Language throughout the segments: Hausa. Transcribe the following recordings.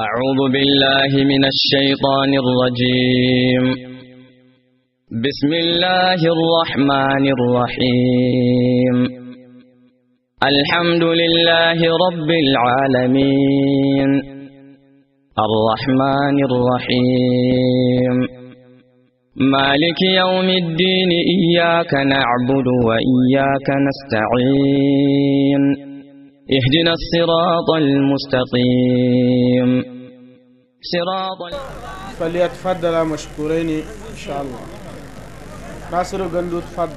أعوذ بالله من الشيطان الرجيم بسم الله الرحمن الرحيم الحمد لله رب العالمين الرحمن الرحيم مالك يوم الدين إياك نعبد وإياك نستعين اهدنا الصراط المستقيم صراط فليتفضل مشكورين إن شاء الله ناصر غندو تفضل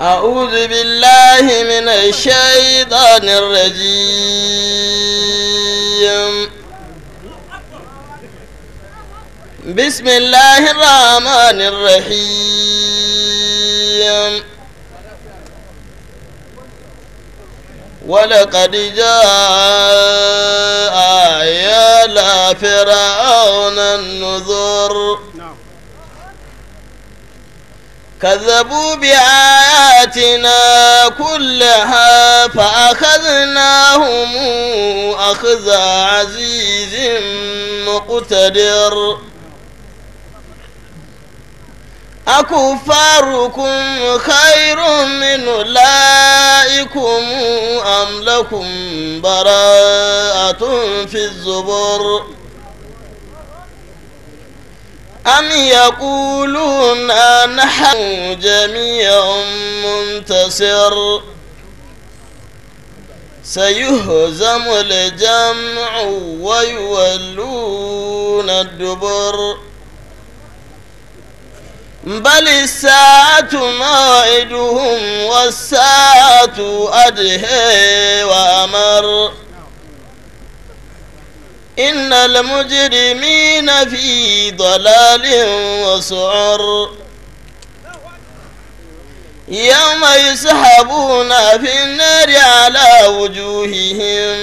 أعوذ بالله من الشيطان الرجيم بسم الله الرحمن الرحيم ولقد جاء آيال فرعون النذر كذبوا بآياتنا كلها فأخذناهم أخذ عزيز مقتدر أكفاركم خير من أولئكم أم لكم براءة في الزبر أم يقولون نحن جميع منتصر سيهزم الجمع ويولون الدبر بل الساعة موعدهم والساعة أدهي وأمر إن المجرمين في ضلال وسعر يوم يسحبون في النار على وجوههم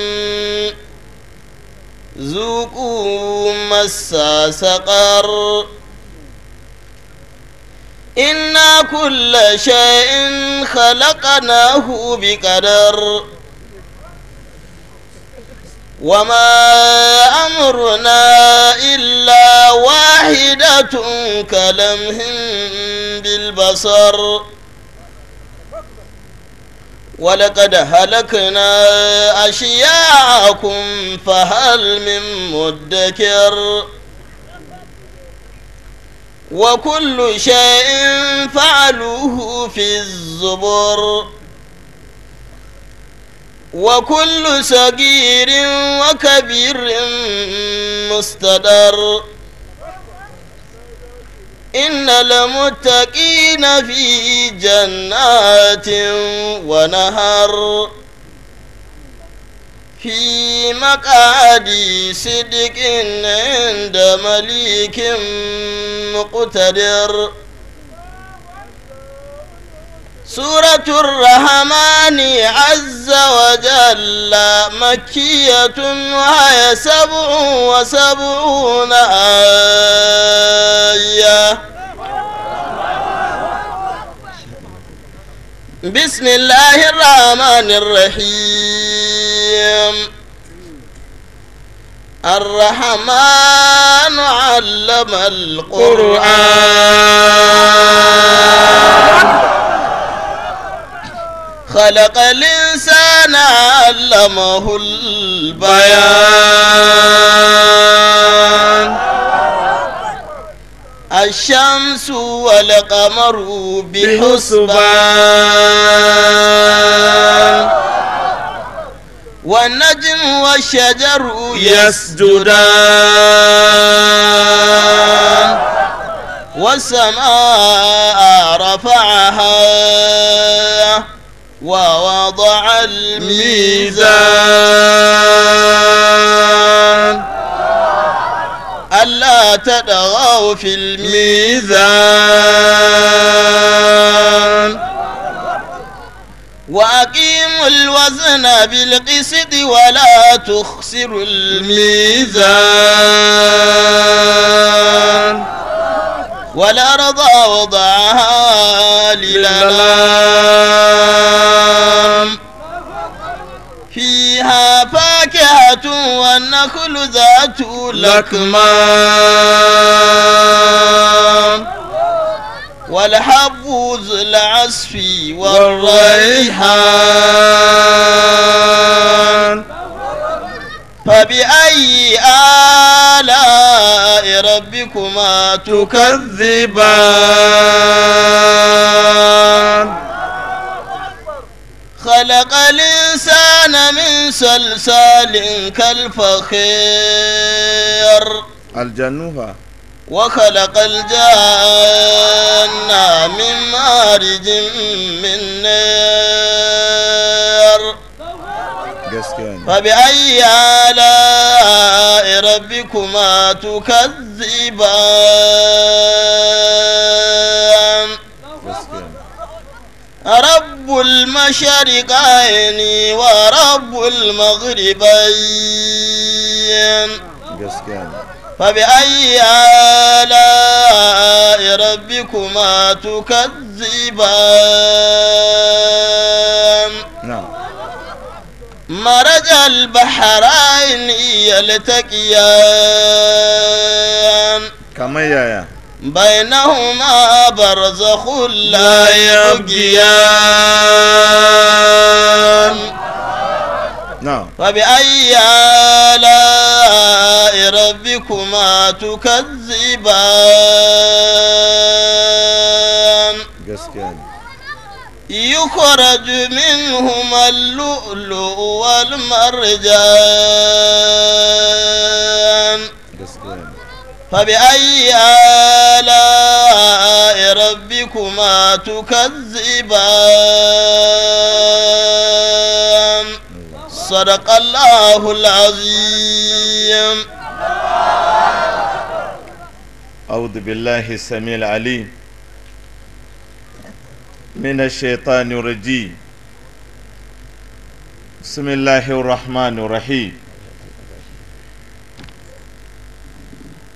ذوقوا مس سقر إنا كل شيء خلقناه بقدر وما أمرنا إلا واحدة كلمه بالبصر ولقد هلكنا أشياعكم فهل من مدكر وكل شيء فعلوه في الزبر وكل صغير وكبير مستدر إن المتقين في جنات ونهر في مقعد صدق عند مليك مقتدر سورة الرحمن عز وجل مكية وهي سبع وسبعون آية بسم الله الرحمن الرحيم الرحمن علم القرآن خلق الإنسان علمه البيان الشمس والقمر بحسبان والنجم والشجر يسجدان والسماء رفعها ووضع الميزان ألا تدغوا في الميزان وأقيموا الوزن بالقسط ولا تخسروا الميزان والأرض وضعها للأنام فيها فاكهة والنخل ذات لكمة والحب ذو والريحان فبأي آلاء ربكما تكذبان خلق الإنسان من سلسال كالفخير الجنوفة وخلق الجنة من مارج من نار فبأي آلاء ربكما تكذبان رب المشرقين ورب المغربين فبأي آلاء ربكما تكذبان نعم مرج البحرين يلتقيان كما يا بينهما برزخ لا يبغيان نعم فبأي آلاء ربكما تكذبان يخرج منهما اللؤلؤ والمرجان فبأي آلاء ربكما تكذبان صدق الله العظيم أعوذ بالله السميع العليم من الشيطان الرجيم بسم الله الرحمن الرحيم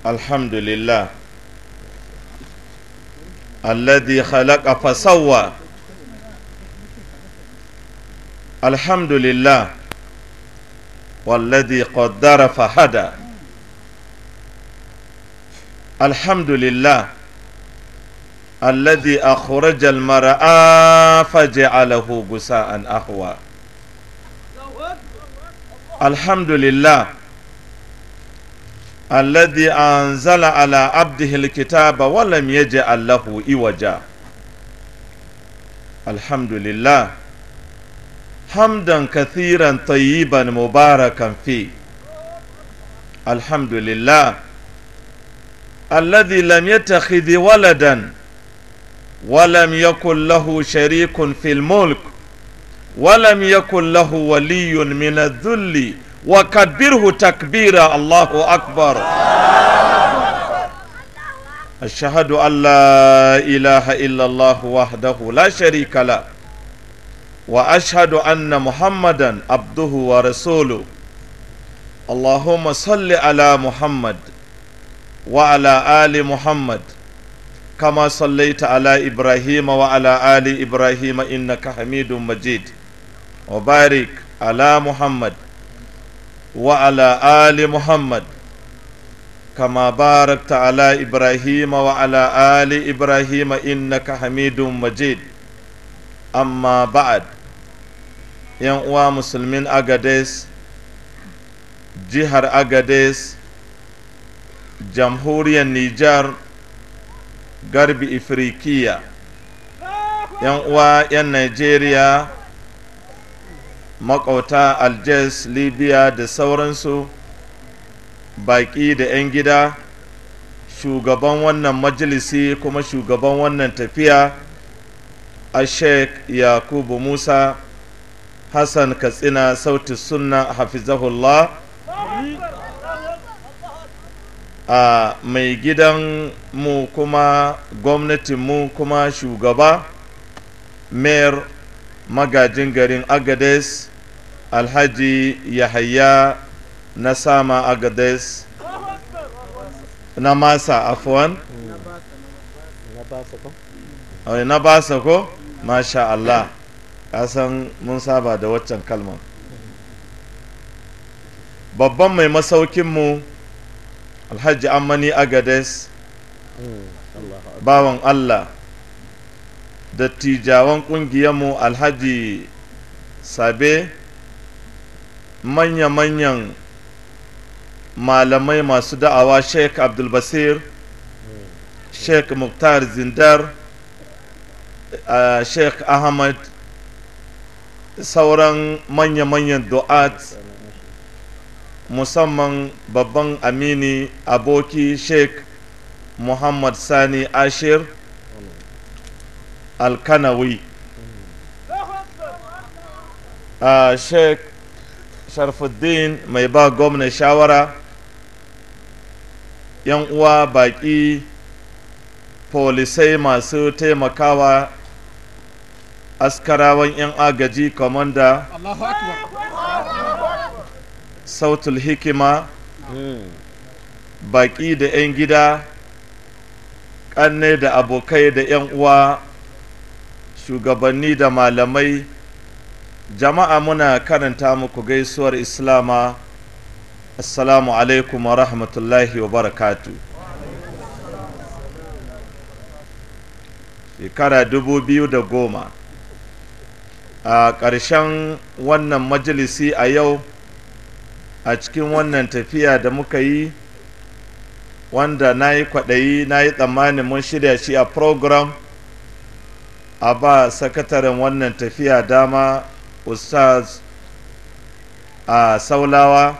الحمد لله الذي خلق فسوى الحمد لله والذي قدر فهدى الحمد لله alladhi akhraja al-mar'a faj'alahu gusa'an ahwa alhamdulillah alladhi anzala ala abdihi al-kitaba wa lam yaj'al lahu iwaja alhamdulillah hamdan kathiran tayyiban mubarakan fi alhamdulillah alladhi lam yattakhidh waladan ولم يكن له شريك في الملك ولم يكن له ولي من الذل وكبره تكبيرا الله أكبر أشهد أن لا إله إلا الله وحده لا شريك له وأشهد أن محمدا عبده ورسوله اللهم صل على محمد وعلى آل محمد كما صليت على إبراهيم وعلى آل إبراهيم إنك حميد مجيد وبارك على محمد وعلى آل محمد كما باركت على إبراهيم وعلى آل إبراهيم إنك حميد مجيد أما بعد ينقوى مسلمين أغاديس جهر أغاديس جمهورية نيجر garbi ifirikiya yan uwa yan nigeria makauta algiers libya da sauransu baki da 'yan gida shugaban wannan majalisi kuma shugaban wannan tafiya a sheik yakubu musa hassan katsina sauti sunna hafizahullah a mai gidan mu kuma gwamnatin mu kuma shugaba mayor magajin garin agades alhaji yahaya na sama agades na masa afuwan na basa ko masha Allah kasan mun saba da waccan kalmar babban mai masaukin mu alhaji amani agades hmm, bawan allah dattijawan mu alhaji sabe manya-manyan malamai masu da'awa sheikh abdulbasir hmm, hmm. sheikh muktar zindar sheikh ahmad sauran manya-manyan du'at musamman babban amini aboki sheikh muhammad sani ashir alkanawi a ah, sheikh sharfuddin mai ba gwamna shawara yan uwa baki polisai masu taimakawa askarawan yan agaji komanda sautul hikima hmm. baƙi da 'yan gida ƙanne da abokai da 'yan uwa shugabanni da malamai jama'a muna karanta muku gaisuwar islama assalamu alaikum wa rahmatullahi wa barakatu shekara da goma a ƙarshen wannan majalisi a yau a cikin wannan tafiya da muka yi wanda na yi kwaɗayi na yi tsammanin mun shirya shi a program a ba sakataren wannan tafiya dama ustaz a saulawa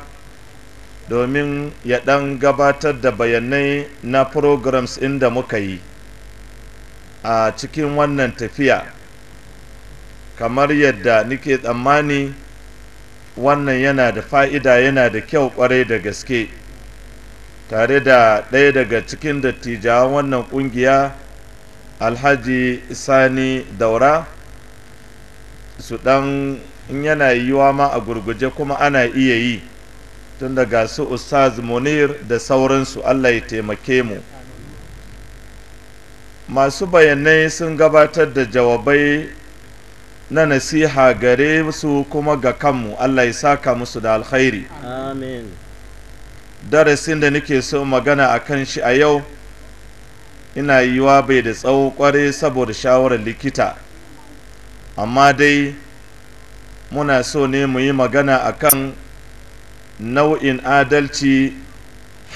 domin ya ɗan gabatar da bayanai na programs inda muka yi a cikin wannan tafiya kamar yadda nike tsammani wannan yana da fa'ida yana da kyau kwarai da gaske tare da ɗaya daga cikin dattijawan wannan ƙungiya alhaji sani daura su ɗan in yana yiwuwa ma a gurguje kuma ana iya yi tun daga su ustaz munir da sauransu allah ya taimake mu masu bayanai sun gabatar da jawabai na nasiha gare su kuma ga kanmu Allah ya saka musu da alkhairi amin darasin da nake so magana a kan shi a yau ina yiwa bai da tsawo kware saboda shawarar likita amma dai muna so ne mu yi magana a kan nau'in adalci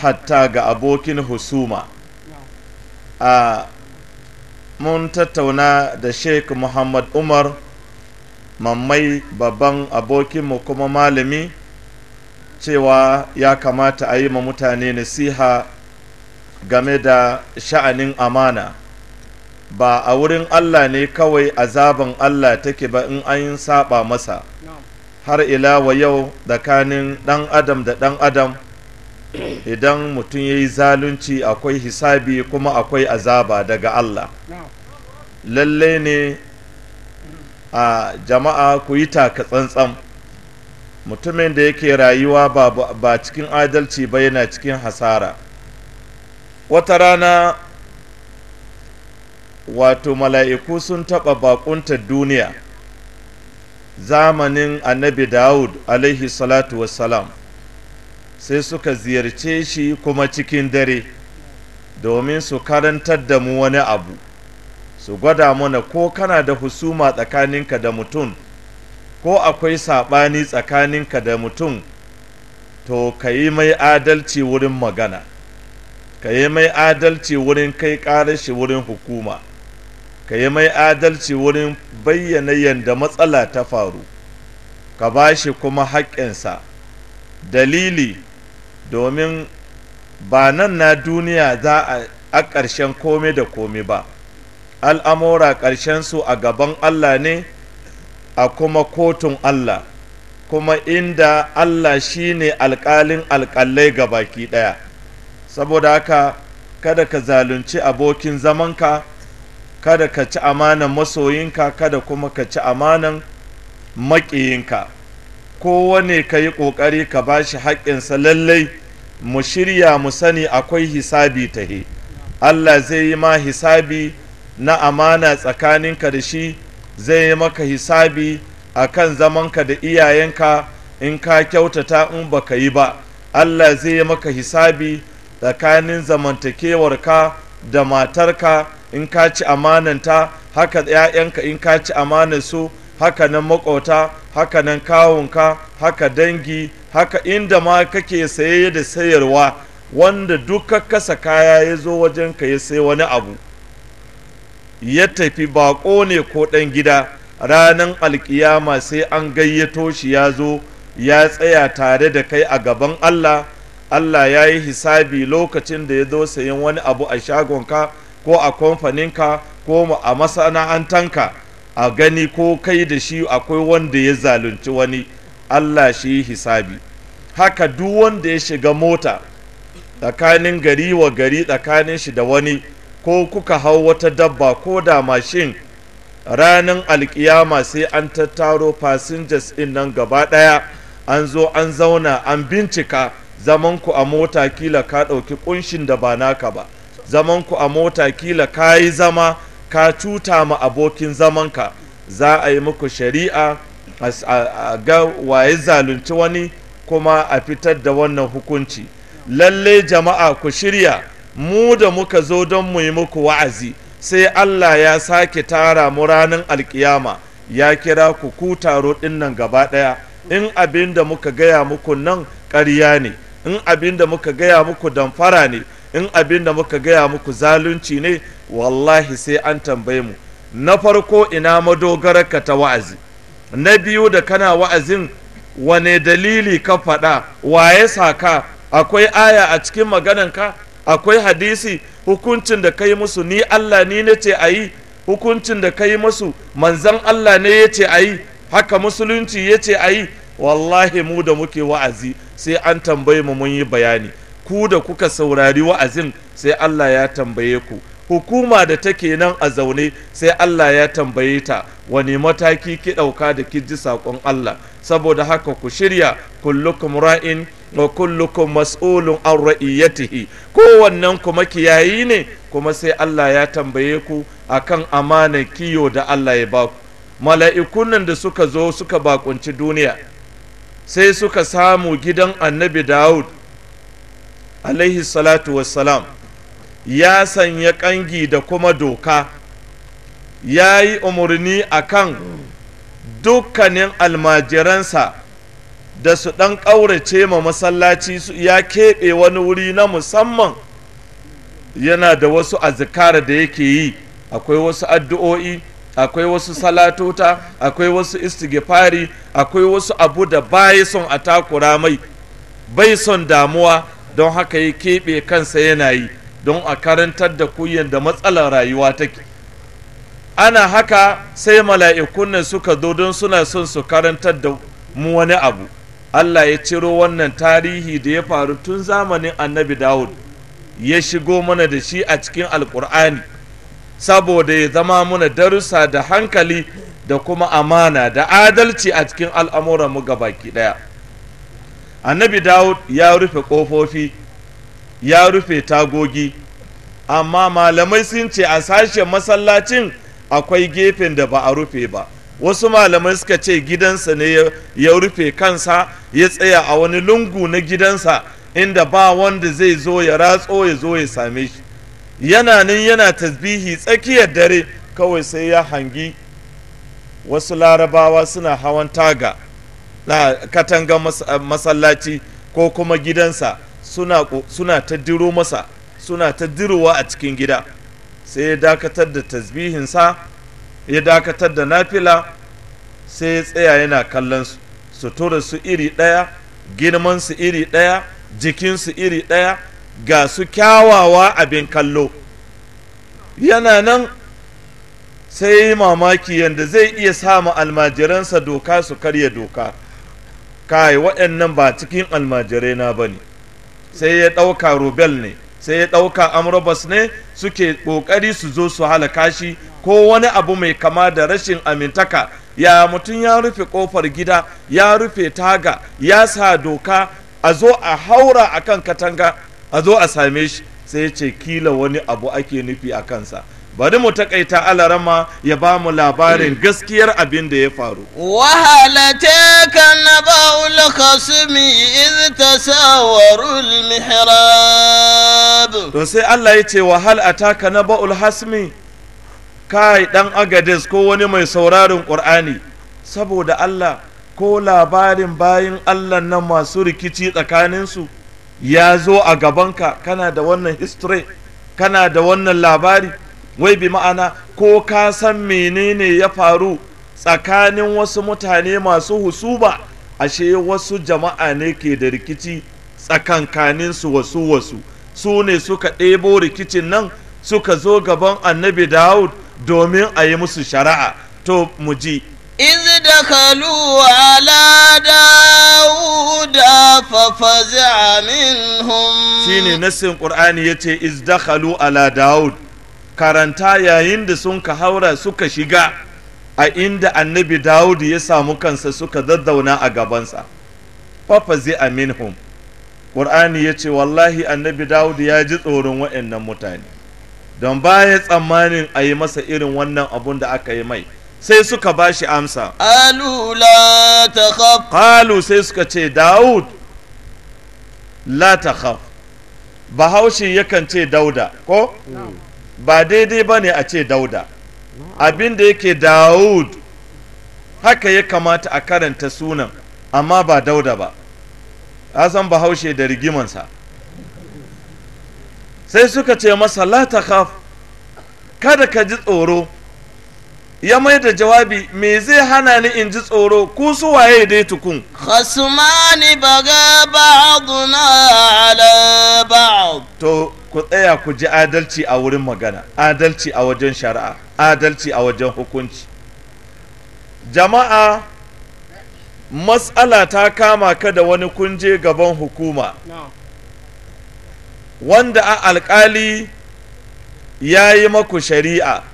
hatta ga abokin husuma a mun tattauna da sheik muhammad umar mammai babban abokinmu kuma malami cewa ya kamata a yi ma mutane nasiha game da sha'anin amana ba a wurin Allah ne kawai azaban Allah take ba in an yi saba masa har ila wa yau tsakanin ɗan adam da ɗan adam idan mutum ya yi zalunci akwai hisabi kuma akwai azaba daga Allah lalle ne a jama'a ku yi taka tsantsan mutumin da yake rayuwa ba cikin adalci ba yana cikin hasara wata rana wato mala'iku sun taɓa baƙunta duniya zamanin annabi daud alaihi salatu wassalam sai suka ziyarce shi kuma cikin dare domin su karantar da mu wani abu su gwada mana ko kana da husuma tsakaninka da mutum ko akwai saɓani tsakaninka da mutum to ka yi mai adalci wurin magana ka yi mai adalci wurin kai shi wurin hukuma ka yi mai adalci wurin bayyana yadda matsala ta faru ka ba shi kuma haƙƙinsa dalili domin ba nan na duniya za a ƙarshen kome da kome ba al'amura ƙarshensu a gaban Allah ne a kuma kotun Allah kuma inda Allah shi ne alƙalin alƙalai ga baki ɗaya saboda haka kada ka zalunci abokin zamanka kada ka ci amanan masoyinka kada kuma ka ci amanan maƙiyinka kowane ka yi ƙoƙari ka ba shi haƙƙinsa lallai mu shirya mu sani akwai hisabi tahe Allah zai yi ma hisabi na amana tsakaninka da shi zai yi maka hisabi a kan zamanka da iyayenka in ka kyautata in baka yi ba allah zai yi maka hisabi tsakanin zamantakewarka da matarka in ka ci amananta haka 'ya'yanka in ka ci su, haka nan makota haka nan kawunka haka dangi haka inda ma kake saye da sayarwa wanda duk kasa kaya ya zo wajenka ya sai wani abu ya tafi baƙo ne ko ɗan gida ranar alkiyama sai an gayyato shi ya zo ya tsaya tare da kai a gaban Allah Allah ya yi hisabi lokacin da ya zo sayan wani abu a shagonka ko a kamfaninka ko a masana'antanka a gani ko kai da shi akwai wanda ya zalunci wani Allah shi yi hisabi haka duk wanda ya shiga mota tsakanin gari wa gari tsakanin shi da wani ko kuka hau wata dabba ko da mashin ranar alkiyama sai an tattaro fasinjas in nan gaba ɗaya an zo an zauna an bincika zamanku a mota kila ka ɗauki ƙunshin da ba naka ba zamanku a mota kila ka yi zama ka cuta ma abokin zamanka za a yi muku shari'a a ga waye zalunci wani kuma a fitar da wannan hukunci lalle jama'a ku shirya mu da muka zo don mu yi muku wa'azi sai Allah ya sake tara mu ranar alkiyama ya kira ku ku taro nan gaba ɗaya in abin da muka gaya muku nan ƙarya ne in abin da muka gaya muku damfara ne in abin da muka gaya muku zalunci ne wallahi sai an tambaye mu na farko ina madogararka ta wa'azi na biyu da kana wa'azin wane dalili ka faɗa waye saka akwai aya a cikin maganan ka akwai hadisi hukuncin da kai musu ni Allah ni na ce a yi hukuncin da kai musu manzan Allah ne ya ce a yi haka musulunci ya ce a yi wallahi mu da muke wa'azi sai an tambaye mu mun yi bayani ku da kuka saurari wa'azin sai Allah ya tambaye ku hukuma da take nan a zaune sai Allah ya tambaye ta wani mataki ki ɗauka da ki ji sakon Allah saboda haka ku shirya kullukum ra'in wa kullukum mas'ulun an ra'iyatihi wannan ku makiyayi ne kuma sai Allah ya tambaye ku akan amanar kiyo da Allah ya baku mala'ikun nan da suka zo suka bakunci duniya sai suka samu gidan annabi Dawud alaihi salatu wassalam ya sanya kangi da kuma doka ya yi umarni akan dukkanin almajiransa da su ɗan ƙaurace ma masallaci su ya keɓe wani wuri na musamman yana da wasu azikara da yake yi akwai wasu addu'o'i akwai wasu salatota akwai wasu istighfari akwai wasu abu da bai son a takura mai bai son damuwa don haka ya keɓe kansa yana yi don a karantar da kuyan da matsalar rayuwa take ana haka sai mala'ikun suka zo don suna son su karantar da mu wani abu Allah ya ciro wannan tarihi da ya faru tun zamanin annabi Dawud ya shigo mana da shi a cikin alkur'ani saboda ya zama mana darussa da hankali da kuma amana da adalci a cikin al'amuranmu baki ɗaya annabi Dawud ya rufe ƙofofi ya rufe tagogi amma malamai sun ce a sashen masallacin akwai gefen da ba a rufe ba wasu malamai suka ce gidansa ne ya rufe kansa ya tsaya a wani lungu na gidansa inda ba wanda zai zo ya ratso ya zo ya same shi yana nan yana tasbihi tsakiyar dare kawai sai ya hangi wasu larabawa suna hawan taga na katangar masallaci ko kuma gidansa suna, suna ta masa suna ta dirowa a cikin gida sai ya dakatar da tasbihinsa ya dakatar da nafila sai ya tsaya yana kallon su sutura su iri ɗaya girman su iri ɗaya jikin su iri ɗaya ga su kyawawa abin kallo yana nan sai yi mamaki yadda zai iya samu almajiransa doka su karya doka kai waɗannan ba cikin almajirai na ba ne sai ya ɗauka rubel ne sai ya ɗauka amurabas ne suke ƙoƙari su zo su halaka shi ko wani abu mai kama da rashin amintaka ya mutum ya rufe ƙofar gida ya rufe taga ya sa doka a zo a haura a kan katanga a zo a same shi sai ce kila wani abu ake nufi a kansa bari mu takaita alarama ya ba mu labarin mm. gaskiyar abin da ya faru ta ka na ba'ul khasmi iz tasawarul mihrab to sai Allah ya ce ta ka na ba'ul hasmi kai dan agades ko wani mai sauraron qur'ani saboda Allah ko labarin bayin Allah na masu rikici tsakaninsu ya zo a gabanka kana da wannan history kana da wannan labari wai bi ma'ana ko ka san menene ya faru tsakanin wasu mutane masu husuba ashe wasu jama'a ne ke da rikici tsakankaninsu wasu wasu su ne suka ɗebo rikicin nan suka zo gaban annabi Dawud domin a yi musu shari'a to mu ji إذ دخلوا على داود ففزع منهم شيني نسين قرآن يتي إذ دخلوا على داود karanta yayin da sun ka haura suka shiga a inda annabi dawud ya samu kansa suka zazzauna a gabansa fafazi a minhum ƙur'ani ya ce wallahi annabi dawud ya ji tsoron waɗannan mutane don baya tsammanin a yi masa irin wannan abun da aka yi mai sai suka ba shi amsa ƙalu sai suka ce dawud la ta bahaushe yakan ce dauda ko ba daidai ba ne a ce dauda abin da yake Da'ud haka ya kamata a karanta sunan amma ba dauda ba a san bahaushe da rigimansa sai suka ce masa la kada ka ji tsoro ya mai da jawabi me zai hana ni in ji tsoro ku su waye dai tukun khasmani baga ba'duna ala ba'd to ku tsaya ku ji adalci a wurin magana adalci a wajen shari'a adalci a wajen hukunci jama'a matsala ta kama ka da wani kunje gaban hukuma wanda a alkali ya yi maku shari'a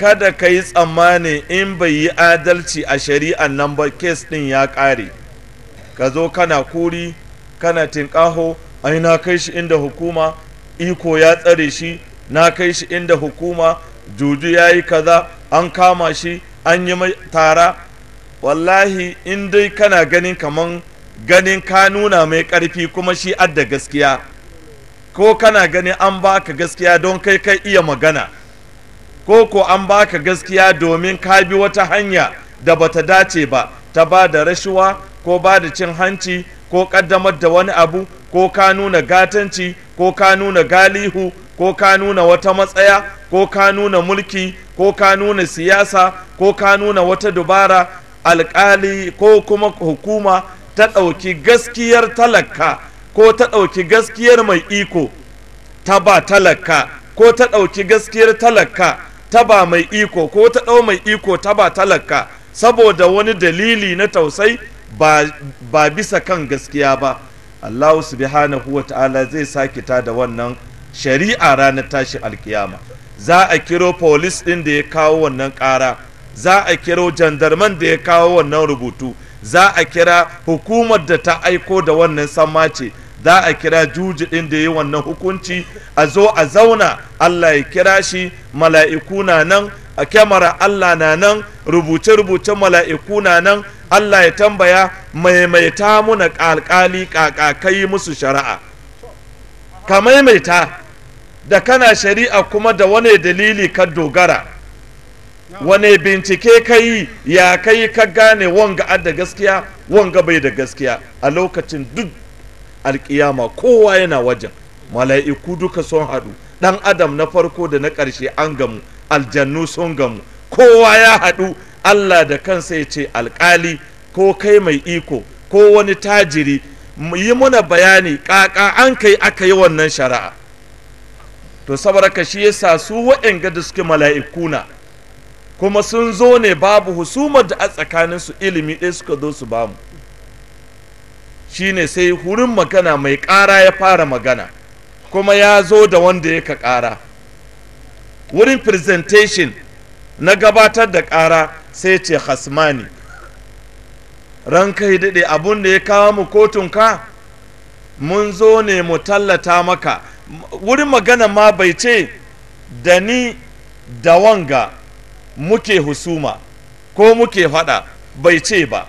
kada ka yi tsammani in bai yi adalci a shari'an nan ba kes ɗin ya kare ka zo kana kuri kana tinkaho ai na kai shi inda hukuma iko ya tsare shi na kai shi inda hukuma juju ya yi kaza an kama shi an yi tara wallahi in dai kana ganin kaman ganin ka nuna mai karfi kuma shi adda gaskiya ko kana gani an baka gaskiya don kai kai iya magana ko ko an baka gaskiya domin ka bi wata hanya da bata dace ba ta ba da rashuwa ko ba da cin hanci ko kaddamar da wani abu ko ka nuna gatanci ko ka nuna galihu ko ka nuna wata matsaya ko ka nuna mulki ko ka nuna siyasa ko ka nuna wata dubara alkali ko kuma hukuma ta ɗauki gaskiyar talaka ko ta ɗauki gaskiyar mai iko ta ba talaka ko ta ɗauki gaskiyar talaka taba mai iko ko ta ɗau mai iko taba talaka saboda wani dalili na tausai ba bisa kan gaskiya ba Allah subhanahu wa ta'ala zai sake ta da wannan shari'a ranar tashi alkiyama za a kiro polis ɗin da ya kawo wannan ƙara za a kiro jandarman da ya kawo wannan rubutu za a kira hukumar da ta aiko da wannan sammace za a kira juji ɗin da ya yi wannan hukunci a zo a zauna Allah ya kira shi mala'iku na nan a kyamara Allah na nan rubuce-rubuce mala'iku na nan Allah ya tambaya maimaita muna alƙali ƙaƙakai musu shari'a ka maimaita da kana shari'a kuma da wani dalili ka dogara wane bincike ka yi ya kai ka gane wanga da gaskiya wanga bai da gaskiya a lokacin duk alƙiyama kowa yana wajen mala'iku duka sun haɗu ɗan adam na farko da na ƙarshe an gamu aljannu sun gamu kowa ya haɗu allah da kansa ya ce alƙali ko kai mai iko ko wani tajiri yi muna bayani ƙaƙa an kai aka yi wannan shari'a to saboda ka shi yasa su waɗanga da suke mala'ikuna kuma sun zo ne babu husumar da a tsakaninsu ilimi ɗaya suka zo su bamu shine sai hurin magana mai ƙara ya fara magana kuma ya zo da wanda ya ka ƙara wurin presentation na gabatar da ƙara sai ce hasmani ranka yi daɗe abun da ya kawo mu kotun ka mun zo ne mu tallata maka wurin magana ma bai ce da ni da wanga muke husuma ko muke faɗa bai ce ba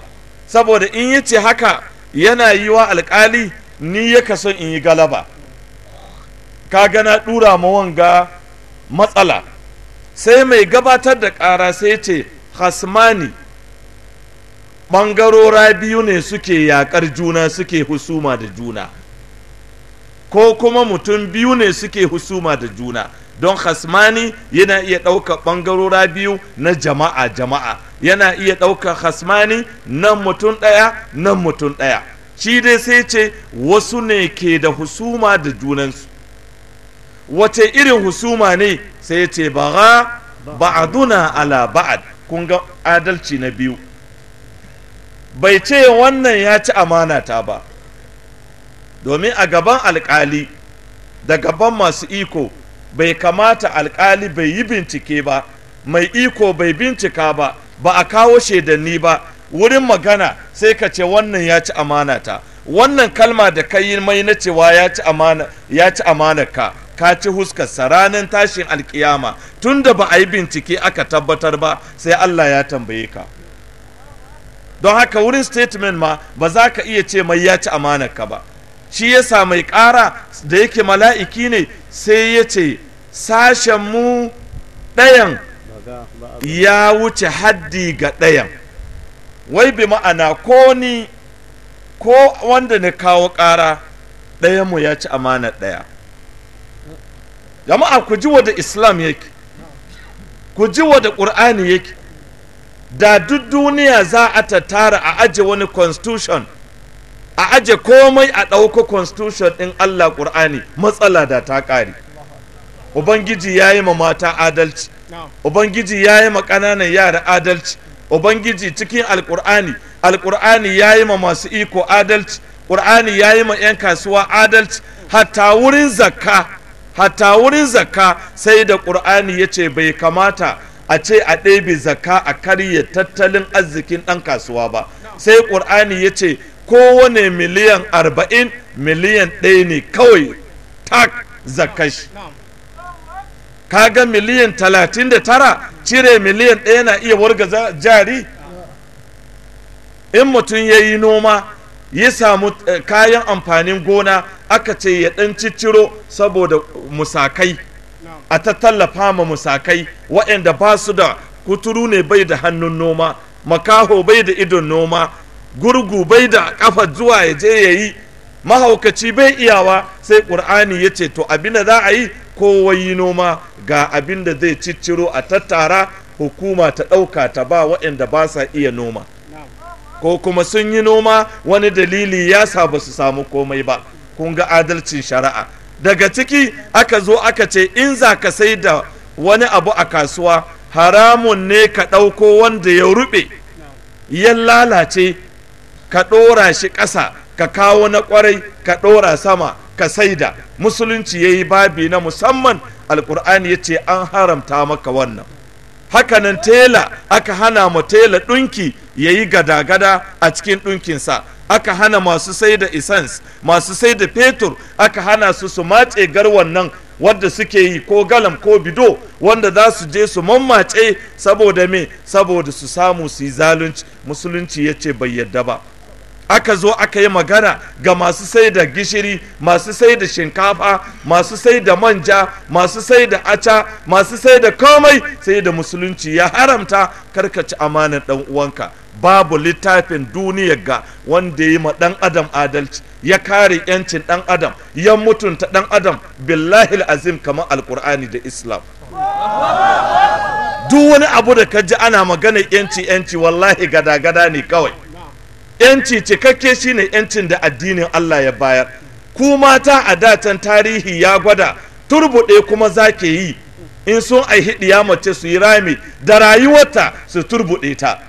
saboda in yi ce haka yana yi wa alƙali ni yaka kaso in yi galaba Ka na dura ma wanga matsala sai mai gabatar da ƙara sai ce hasmani ɓangarora biyu ne suke yaƙar juna suke husuma da juna ko kuma mutum biyu ne suke husuma da juna don hasmani yana iya ɗauka bangarora biyu na jama'a jama'a yana iya ɗauka hasmani nan mutum ɗaya nan mutum ɗaya shi dai sai ce wasu ne ke da husuma da junansu wace irin husuma ne sai ya ce ga ba'aduna ala ba'ad kun ga adalci na biyu bai ce wannan ya ci amana ta ba domin a gaban alkali da gaban masu iko bai kamata alkali bai yi bincike ba mai iko bai bincika ba ba a kawo shaidanni ba wurin magana sai ka ce wannan ya ci amana ta wannan kalma da kayi mai na cewa ya ci amana ka ka ci huskarsa ranar tashin alkiyama tunda ba a yi bincike aka tabbatar ba sai Allah ya tambaye ka don haka wurin statement ma ba za ka iya ce mai ya ci ka ba shi yasa mai ƙara da yake mala'iki ne sai ya ce sashen mu ɗayan ya wuce haddi ga ɗayan wai bi ma'ana ko ni ko wanda na kawo ƙara ɗayanmu ya ci amanar ɗaya jama'a ku ji wada islam yake ku ji wada ƙur'ani yake da duk duniya za a ta tara a aje wani constitution a aje komai a ɗauko constitution ɗin allah ƙur'ani matsala da ta ƙare ubangiji ya yi ma mata adalci ubangiji ya yi ma ƙananan yara adalci ubangiji cikin alƙur'ani alƙur'ani ya yi ma masu iko adalci ƙur'ani ya yi ma 'yan kasuwa adalci hatta wurin zakka hatta wurin zakka sai da ƙur'ani ya ce bai kamata a ce a ɗebe zakka a karya tattalin arzikin ɗan kasuwa ba sai ƙur'ani ya ce kowane miliyan arba'in miliyan ɗaya ne kawai tak Ka ga miliyan talatin da tara cire miliyan ɗaya na iya warga jari in mutum ya yi noma ya samu eh, kayan amfanin gona aka ce ya ɗan ciciro saboda musakai a ta tallafa ma musakai waɗanda ba su da kuturu ne bai da hannun noma makaho bai da idon noma gurgu bai da ƙafa zuwa ya je ya yi mahaukaci bai iyawa sai ƙur'ani ya ce to abin da za a yi kowa yi noma ga abin da zai cicciro a tattara hukuma ta ɗauka ta ba waɗanda ba sa iya noma ko kuma sun yi noma wani dalili ya sa ba su samu komai ba kun ga adalcin shari'a daga ciki aka zo aka ce in za ka sai da wani abu a kasuwa haramun ne ka ɗauko wanda ya ruɓe ya lalace ka ɗora shi ƙasa ka kawo na ƙwarai ka ɗora sama ka sai da. musulunci ya yi babi na musamman alƙur'ani ya ce an haramta maka wannan hakanan tela aka hana mu tela ɗunki ya yi gada-gada a cikin ɗunkinsa aka hana masu sai da isans masu sai da fetur aka hana su su matse garwan nan wadda suke yi ko galam ko bido wanda za su je su mammace saboda me saboda su samu su yi zalunci musulunci ya ce bai yadda ba aka zo aka yi magana ga masu sai da gishiri masu sai da shinkafa masu sai da manja masu sai da aca masu sai da komai sai da musulunci ya haramta karkaci amanar ɗan uwanka babu littafin duniya ga wanda yi ma ɗan adam adalci ya kare yancin ɗan adam ya mutunta ɗan adam billahi azim kamar alkur'ani da islam duk wani abu da ka ji ana magana yanci yanci wallahi gada-gada ne kawai yanci cikakke shine yancin da addinin allah ya bayar ku mata a datan tarihi ya gwada turbuɗe kuma za ke yi in sun aihi mace su yi rami da rayuwarta su turbuɗe ta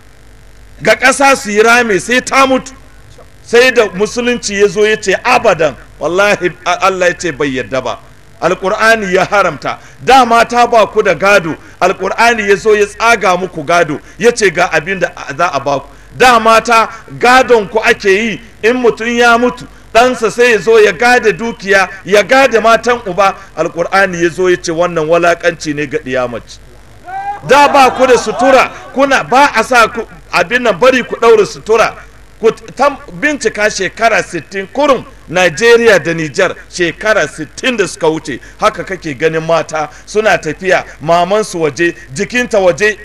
ga ƙasa su yi rame sai ta mutu sai da musulunci ya zo ya ce abadan wallahi Allah ya ce bai yarda ba alƙur'ani ya haramta dama ta ba ku da gado alƙur'ani ya zo ya tsaga muku gado ya ce ga abin da za a ba ku dama ta gadon ku ake yi in mutum ya mutu ɗansa sai ya zo ya gada dukiya ya gada matan uba alƙur'ani ya zo ya ce wannan walakanci ne ga ɗiyamaci da ba ku da sutura kuna ba a sa abin nan bari ku ɗaure sutura ku bincika shekara 60 kurum Najeriya da Nijar shekara 60 da suka wuce haka kake ganin mata suna tafiya mamansu waje jikinta waje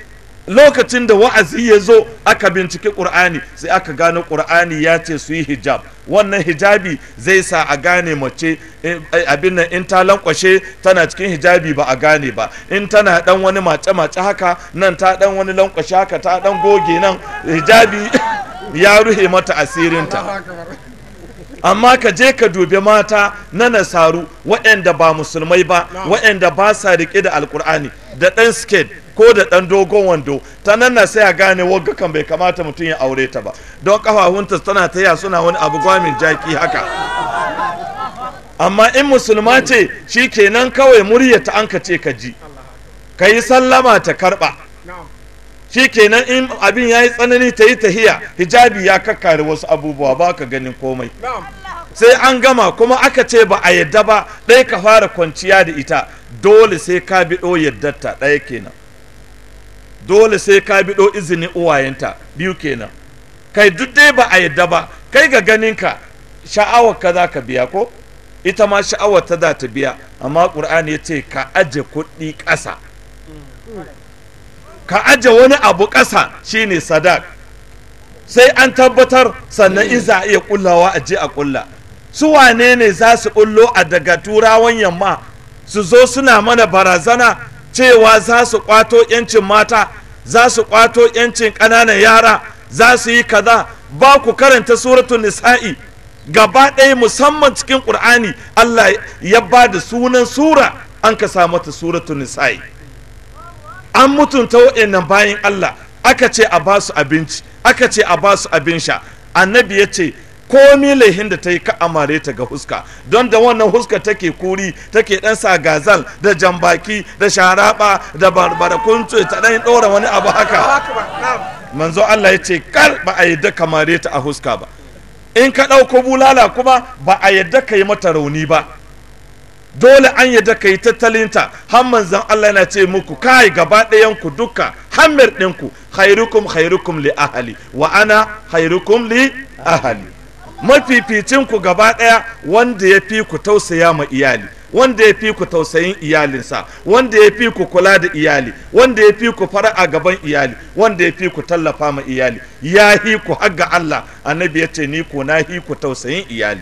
lokacin da wa'azi ya zo aka binciki ƙur'ani sai aka gane ƙur'ani ya ce su yi hijab wannan hijabi zai sa a gane mace eh, eh, abin nan in ta lankwashe tana cikin hijabi ba a gane ba in tana dan wani mace-mace haka nan ta dan wani lankwashe haka ta dan goge nan hijabi ya ruhe mata asirinta amma ka je ka dubi mata na nasaru waɗanda ba musulmai ba waɗanda ba sa riƙe da alƙur'ani da ɗan skate ko da ɗan dogon wando ta nan na sai a gane wagga kan bai kamata mutum ya aure ta ba don kafafunta tana taya suna wani abu gwamin jaki haka amma in musulma ce shi kenan kawai murya ta anka ce ka ji ka yi sallama ta karɓa shi kenan in abin ya yi tsanani ta yi tahiya hijabi ya kakkare wasu abubuwa ba ka ganin komai sai an gama kuma aka ce ba a yadda ba ɗaya ka fara kwanciya da ita dole sai ka biɗo yaddarta ɗaya kenan dole sai ka biɗo izinin uwayenta biyu kenan kai duk dai ba a yadda ba kai ga ganinka sha'awar ka za ka biya ko ita ma sha'awar ta za ta biya amma ƙur'ani ya ce ka aje kuɗi ƙasa ka aje wani abu ƙasa shine sadak sai an tabbatar sannan in za a iya ƙullawa a je a ƙulla. su wane ne za su kullo a daga turawan yamma su zo suna mana barazana cewa za su kwato 'yancin mata za su kwato 'yancin ƙananan yara za su yi kaza ba ku karanta suratun nisa'i gaba ɗaya musamman cikin ƙur'ani allah ya ba da sunan sura an ka samu ta suratun nisa'i an mutunta waɗannan bayan allah aka ce a ba su abinci aka ce a ba su abin sha annabi ya ce komi laihin da ta yi ka amare ta ga huska don da wannan huska take kuri take dan sa gazal da jambaki da sharaba da barbara kunce ta dan dora wani abu haka manzo Allah ya ce kar ba a yadda kamare ta a huska ba in ka ɗauko bulala kuma ba a yadda ka mata rauni ba dole an yadda ka yi tattalinta har manzon Allah yana ce muku kai gaba ɗayan ku duka hammer ɗinku khairukum khairukum li ahali wa ana khairukum li ahali mafificinku ku gaba ɗaya wanda ya fi ku tausaya ma iyali wanda ya fi ku tausayin iyalinsa wanda ya fi ku kula da iyali wanda ya fi ku fara a gaban iyali wanda ya fi ku tallafa ma iyali ya hi ku hagga Allah annabi ya ce ni ko na hi ku tausayin iyali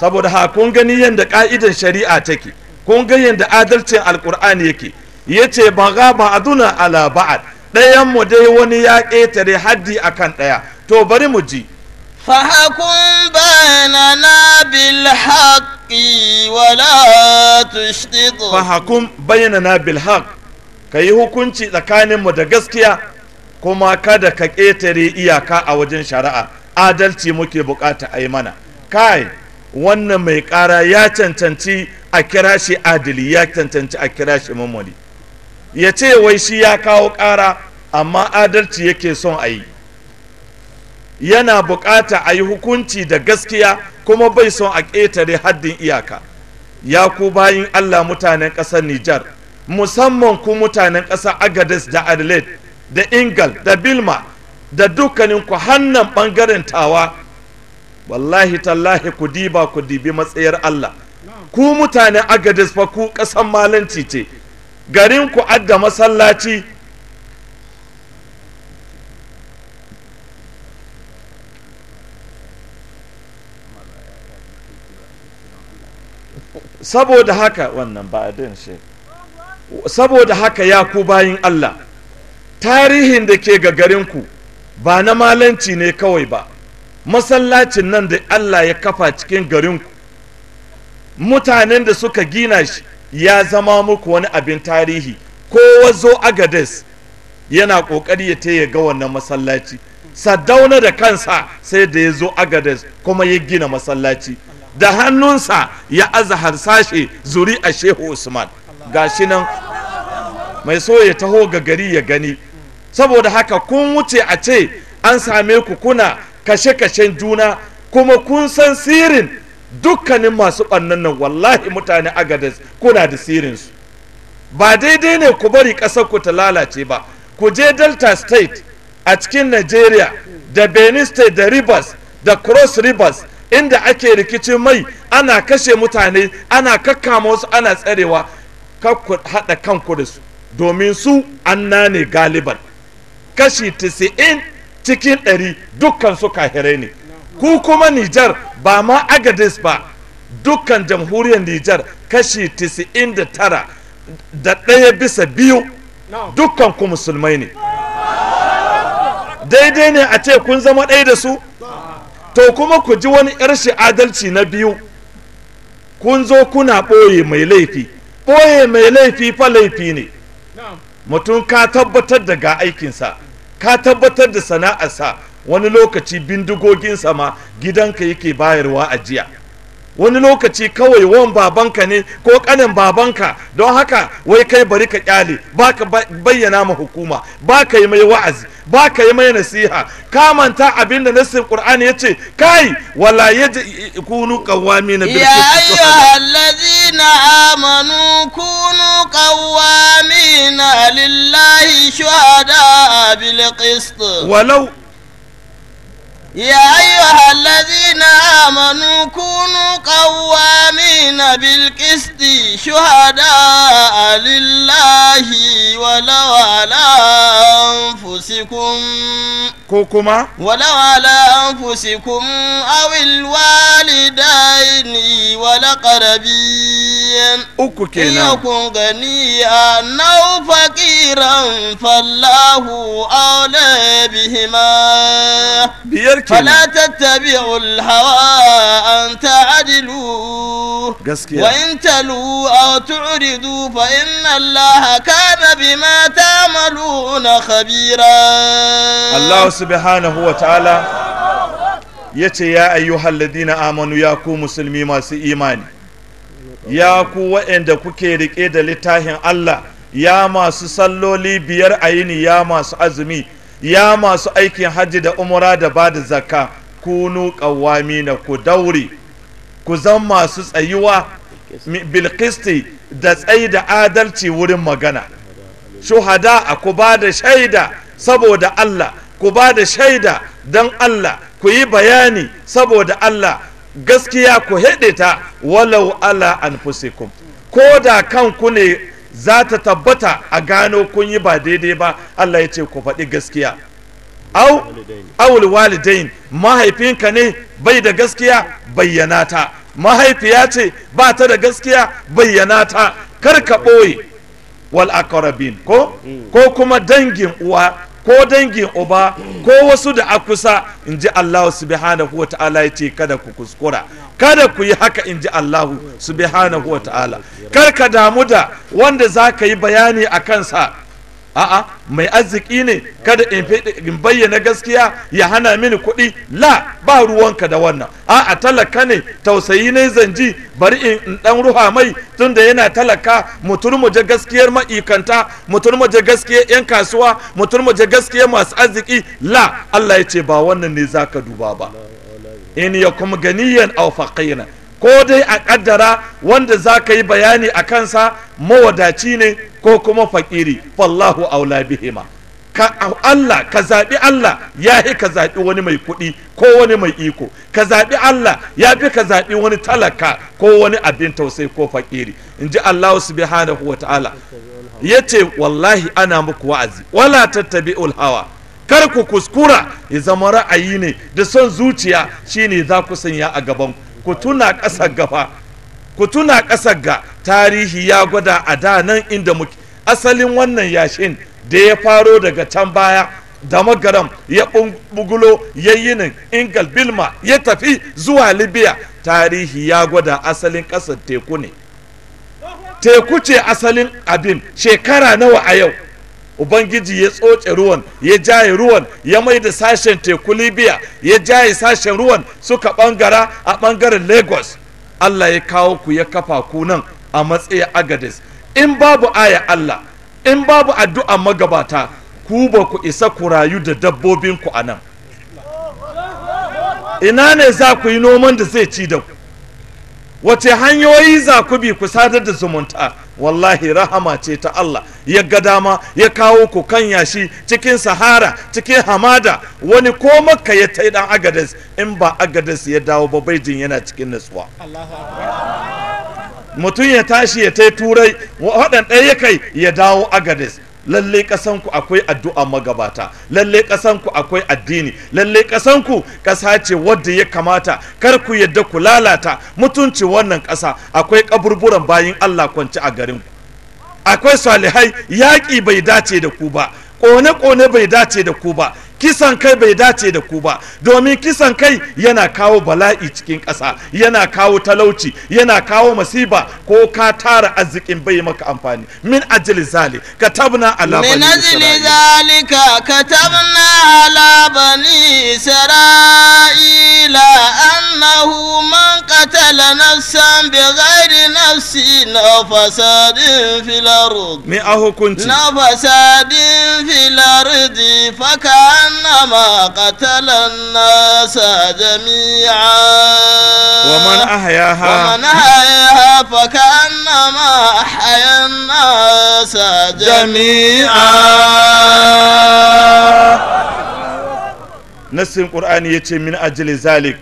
saboda ha kun gani yanda ka'idan shari'a take kun ga yadda adalcin alkur'ani yake yace ba ga ba'duna ala ba'ad ɗayan mu dai wani ya ƙetare haddi akan ɗaya to bari mu ji fahakun na bil haqqi wala tushtit fahakun bayanana bil haqq kayi hukunci tsakaninmu da gaskiya kuma kada ka ƙetare iyaka a wajen shari'a adalci muke bukata a yi mana kai wannan mai ƙara ya cancanci a kira shi adili ya cancanci a kira shi Mamoni. ya ce wai shi ya kawo ƙara amma adalci yake son a yi yana bukata a yi hukunci da gaskiya kuma bai son a ƙetare haddin iyaka ya ku bayin allah mutanen ƙasar nijar musamman ku mutanen ƙasar agadis da adelaide da ingal da bilma da dukkanin ku hannan ɓangaren tawa wallahi tallahi ku diba ku dibi matsayar allah ku mutanen agadis fa ku ƙasar malanci ce garin ku adda masallaci saboda haka wannan ba din shi saboda haka ya ku bayin Allah tarihin da ke ga garinku ba na malanci ne kawai ba masallacin nan da Allah ya kafa cikin garinku mutanen da suka gina shi ya zama muku wani abin tarihi kowa zo agades yana kokari ya taya ga wannan masallaci sadauna da kansa sai da ya zo agades kuma ya gina masallaci da hannunsa ya azahar sashe zuri a shehu usman Ga shi nan mai so ya taho ga gari ya gani saboda haka kun wuce a ce an same ku kuna kashe-kashen juna kuma kun san sirin dukkanin masu ɓannan nan wallahi mutane agadas kuna da sirinsu ba daidai ne ku bari ƙasar ku ta lalace ba ku je delta state a cikin nigeria da benin state da rivers da cross rivers inda ake rikicin mai ana kashe mutane ana kakkama wasu ana tsarewa kakku haɗa kanku da su domin su anna ne galiban kashi 90 cikin 100 dukkan su kahirai ne ku kuma nijar ba ma agadis ba dukkan jamhuriyar nijar kashi 99 da ɗaya bisa biyu dukkan ku musulmai ne daidai ne a ce kun zama ɗaya da su to kuma ku ji wani yar shi adalci na biyu kun zo kuna ɓoye mai laifi ɓoye mai laifi fa laifi ne mutum ka tabbatar da ga aikinsa ka tabbatar da sana'arsa wani lokaci bindigoginsa ma gidanka yake bayarwa a jiya. wani lokaci kawai wan babanka ne ko kanin babanka don haka wai kai bari ka kyale baka bayyana ma hukuma ka yi mai wa'azi ka yi mai nasiha ka manta abin da nasir qur'ani yace kai wala yakunu na bil ya ayyuhallazina amanu kunu qawamin lillahi shuhada bil qist walau يا أيها الذين آمنوا كونوا قوامين بالقسط شهداء لله ولو على أنفسكم ko kuma walau ala anfusikum aw alwalidaini wal aqrabin uku kenan yakun ganiya naw faqiran fallahu awla bihima biyar kenan fala tattabi'u alhawa an ta'dilu gaskiya wa in talu aw tu'ridu fa inna allaha kana bima ta'maluna khabira Allah subhanahu wa ta'ala ya ce ya ayyuhal na amanu ya ku musulmi masu imani ya ku waɗanda kuke riƙe da littafin Allah ya masu salloli biyar a yini ya masu azumi ya masu aikin hajji da umura da ba da zakka kunu na ku daure ku zan masu tsayuwa bilkisti da tsayi da adalci wurin magana shuhada a ku ba da shaida saboda Allah ku ba da shaida don Allah ku yi bayani saboda Allah gaskiya ku haɗe ta walau ala anfusikum ko da kanku ne za ta tabbata a gano kun yi ba daidai ba Allah ya ce ku faɗi gaskiya au awul walidain mahaifinka ne bai da gaskiya bayyana ta mahaifiya ce ba ta da gaskiya bayyana ta kar ka ɓoye wal ko mm. ko kuma dangin uwa ko dangin uba ko wasu da a kusa in ji allahu subhanahu wa ta'ala ya ce kada ku kuskura kada ku yi haka in ji allahu subhanahu wa ta'ala kar ka damu da wanda za ka yi bayani a kansa a'a mai arziki ne kada in bayyana gaskiya ya hana mini kuɗi la ba ruwanka da wannan a'a talaka ne tausayi ne zanji bari in ɗan ruha mai tunda yana talaka mutum mu je gaskiyar ma'ikanta mutum mu je gaskiyar yan kasuwa mutum mu je gaskiyar masu arziki la Allah ya ce ba wannan ne zaka duba ba in kuma ganiyan aw faqina ko dai a kaddara wanda za ka yi bayani a kansa mawadaci ne ko kuma fakiri fallahu aula bihima ka Allah ka zaɓi Allah ya fi ka zaɓi wani mai kuɗi ko wani mai iko ka zaɓi Allah ya fi ka zaɓi wani talaka ko wani abin tausayi ko fakiri in ji Allah subhanahu wa ta'ala ya ce wallahi ana muku wa'azi wala tattabi'ul hawa kar ku kuskura ya zama ra'ayi ne da son zuciya shine za ku sanya a gabanku ku tuna ƙasar gafa ku tuna ƙasar ga tarihi ya gwada a da nan inda muke asalin wannan yashin da ya faro daga can baya da magaram ya bugulo yayyinin ingal bilma ya tafi zuwa libya tarihi ya gwada asalin ƙasar teku ne teku ce asalin abin shekara nawa a yau ubangiji ya tsotse ruwan ya jaye ruwan ya mai da sashen teku libya ya jaye sashen ruwan suka bangara a bangaren lagos allah ya kawo ku ya kafa ku nan a matsayin Agadis. in babu aya allah in babu addu'a magabata ku ba ku isa ku rayu da dabbobinku a nan ina ne za ku yi noman da zai ci da ku wace hanyoyi za ku bi ku sadar da zumunta wallahi rahama ce ta Allah ya ga dama ya kawo ku kan yashi cikin sahara cikin hamada wani ko makka ya tai dan agadas in ba agadas ya dawo ba baijin yana cikin nutsuwa mutum ya tashi ya tai turai waɗanda ya kai ya dawo agadas lalle ƙasanku akwai addu'a magabata lalle ƙasanku akwai addini lalle ƙasanku ƙasa ce wadda ya kamata kar ku yadda ku lalata mutunci wannan ƙasa akwai kaburburan bayan Allah kwanci a garin ku akwai salihai yaƙi bai dace da ku ba ƙone-ƙone bai dace da ku ba kisan kai bai dace da ku ba domin kisan kai yana kawo bala'i cikin ƙasa yana kawo talauci yana kawo masiba ko ka tara arzikin bai maka amfani min ajili zali katabna ala bani min ajili zalika tabna ala bani isra'ila annahu man qatala nafsan ghairi nafsi na fasadin fil ard ahukunci na fasadin fil ard أنما قتل الناس جميعا ومن أحياها ومن أحياها فكأنما أحيا الناس جميعا nassin ƙur'ani ya ce min ajili zalik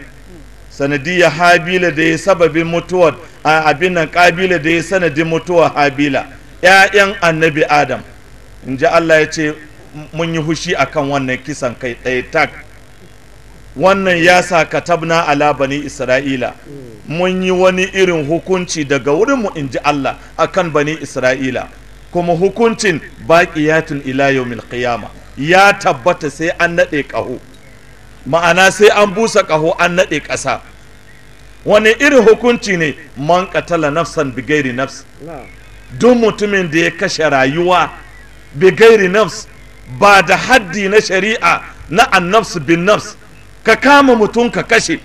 sanadiyya habila da ya sababin mutuwar a abin nan ƙabila da ya sanadin mutuwar habila ‘ya'yan annabi adam in ji allah ya ce mun yi hushi akan wannan kisan kai ɗaya tak wannan ya sa katabna ala bani isra'ila mun yi wani irin hukunci daga wurinmu in ji Allah akan bani isra'ila kuma hukuncin ya ila yawmil qiyama ya tabbata sai an naɗe ƙaho ma'ana sai an busa ƙaho an naɗe ƙasa wani irin hukunci ne man katala nafsan bigairi nafs duk mutumin da ya kashe rayuwa bigairi nafs ba da haddi na shari'a na annafs bin nafs ka kama mutum ka kashe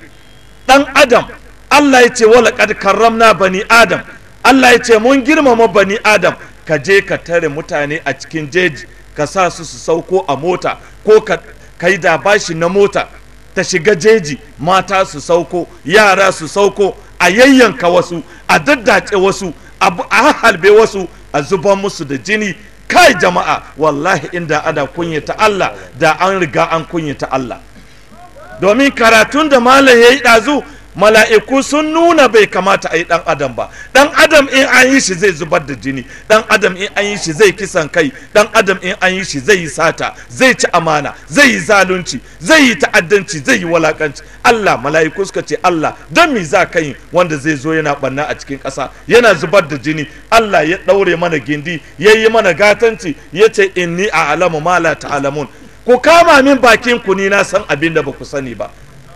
dan adam Allah ya ce wala karramna bani adam Allah ya ce mun girmama bani adam ka je ka tare mutane a cikin jeji ka sa su su sauko a mota ko ka kai da bashi na mota ta shiga jeji mata su sauko yara su sauko a yayyanka wasu a daddace wasu a halbe wasu a zuban musu da jini kai jama'a wallahi inda ana kunyata Allah da an riga an kunyata Allah domin karatun da malam yayi yi ɗazu mala'iku sun nuna bai kamata a yi ɗan adam ba ɗan adam in an yi shi zai zubar da jini ɗan adam in an yi shi zai kisan kai ɗan adam in an yi shi zai yi sata zai ci amana zai yi zalunci zai yi ta'addanci zai yi walakanci Allah mala'iku suka ce Allah don me za ka yi wanda zai zo yana ɓanna a cikin ƙasa yana zubar da jini Allah ya ɗaure mana gindi ya yi mana gatanci ya ce in ni a alamu mala ta alamun ku kama min bakin ku ni na san abin da ba ku sani ba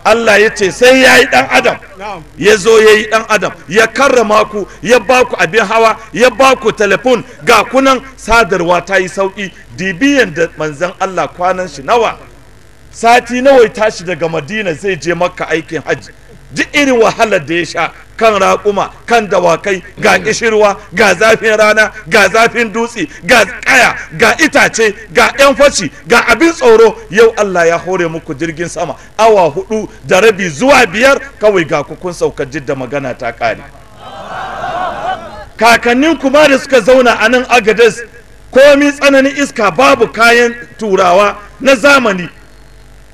Allah ya ce sai ya yi ɗan adam ya zo ya yi ɗan adam ya karrama ku ya ba ku abin hawa ya ba ku telefon ga kunan sadarwa ta yi sauƙi dibiyan da manzan Allah kwanan shi nawa sati nawa ya tashi daga madina zai je maka aikin hajji duk irin wahalar da ya sha kan raƙuma kan dawakai ga mm. ƙishirwa, ga zafin rana ga zafin dutse ga ƙaya, ga itace ga ƴan fashi ga abin tsoro yau Allah ya hore muku jirgin sama awa hudu da rabi zuwa biyar kawai ga kun sauka jidda magana ta ƙare. kakannin kuma da suka zauna a nan agades komi tsananin iska babu kayan turawa na zamani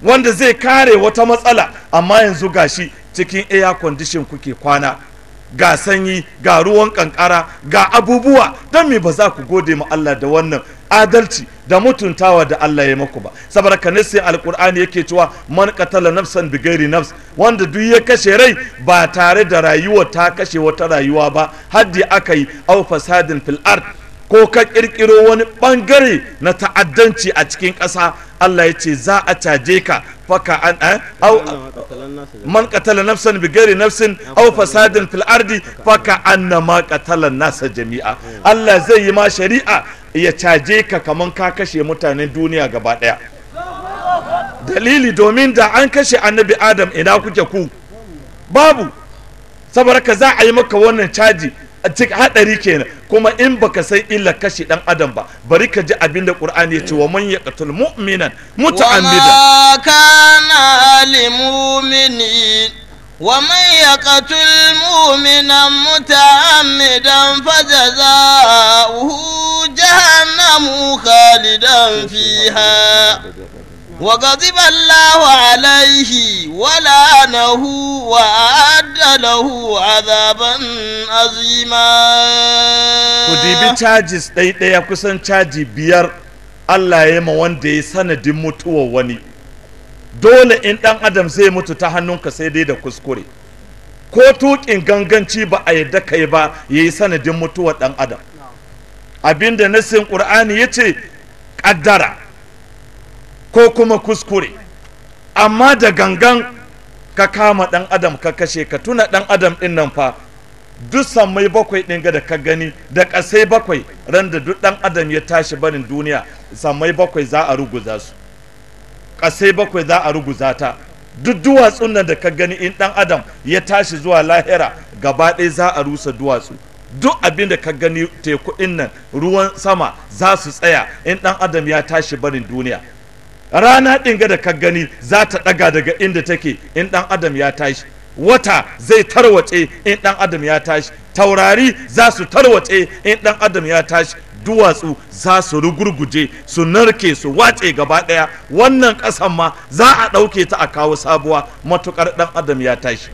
wanda zai kare wata matsala amma yanzu gashi cikin air condition kuke kwana ga sanyi ga ruwan kankara ga abubuwa don me ba za ku gode ma Allah da wannan adalci da mutuntawa da Allah ya maku ba saboda kanisin alkur'ani yake cewa man qatala nafsan bigairi nafs wanda duk ya kashe rai ba tare da rayuwa ta kashe wata rayuwa ba haddi aka yi au fasadin fil ard ko ka kirkiro wani bangare na ta'addanci a cikin ƙasa Allah ya ce za a caje ka faka an eh? au man qatala nafsan bighairi nafsin aw fasadin fil ardi faka ma qatala nasa jami'a Allah zai yi ma shari'a ya caje ka kaman ka kashe mutanen duniya gaba daya dalili domin da an kashe annabi adam ina kuke ku babu saboda ka za a yi maka wannan caji hadari kenan kuma in baka san illa kashi dan adam ba bari ka ji abin da qur'ani ya ce wa man yaqtul mu'minan muta'ammidan wa kana lil wa man yaqtul mu'minan muta'ammidan fajazaohu jahannamu khalidan fiha وغضب الله عليه ولعنه وأعد له عذابا عظيما kudibi cajis ɗaiɗaya kusan caji biyar Allah ya ma wanda ya sanadin mutuwar wani dole in ɗan adam zai mutu ta hannunka sai dai da kuskure ko tuƙin ganganci ba a yadda kai ba ya yi sanadin mutuwar ɗan adam abinda nasin ƙur'ani ya ce ƙaddara ko kuma kuskure amma da gangan ka kama ɗan adam ka kashe ka tuna ɗan adam ɗin nan fa duk samai bakwai ɗin ga da ka gani da ƙasai bakwai ran da duk ɗan adam ya tashi barin duniya samai bakwai za a ruguza su ƙasai bakwai za a ruguza ta duk duwatsun nan da ka gani in ɗan adam ya tashi zuwa lahira gaba ɗaya za a rusa duwatsu duk abin da ka gani teku nan ruwan sama za su tsaya in ɗan adam ya tashi barin duniya rana ɗinga da ka gani za ta ɗaga daga inda take in ɗan adam ya tashi wata zai tarwatse in ɗan adam ya tashi taurari za su tarwatse in ɗan adam ya tashi duwatsu za su rugurguje su narke su wace gaba ɗaya wannan ƙasan ma za a ɗauke ta a kawo sabuwa matuƙar ɗan adam ya tashi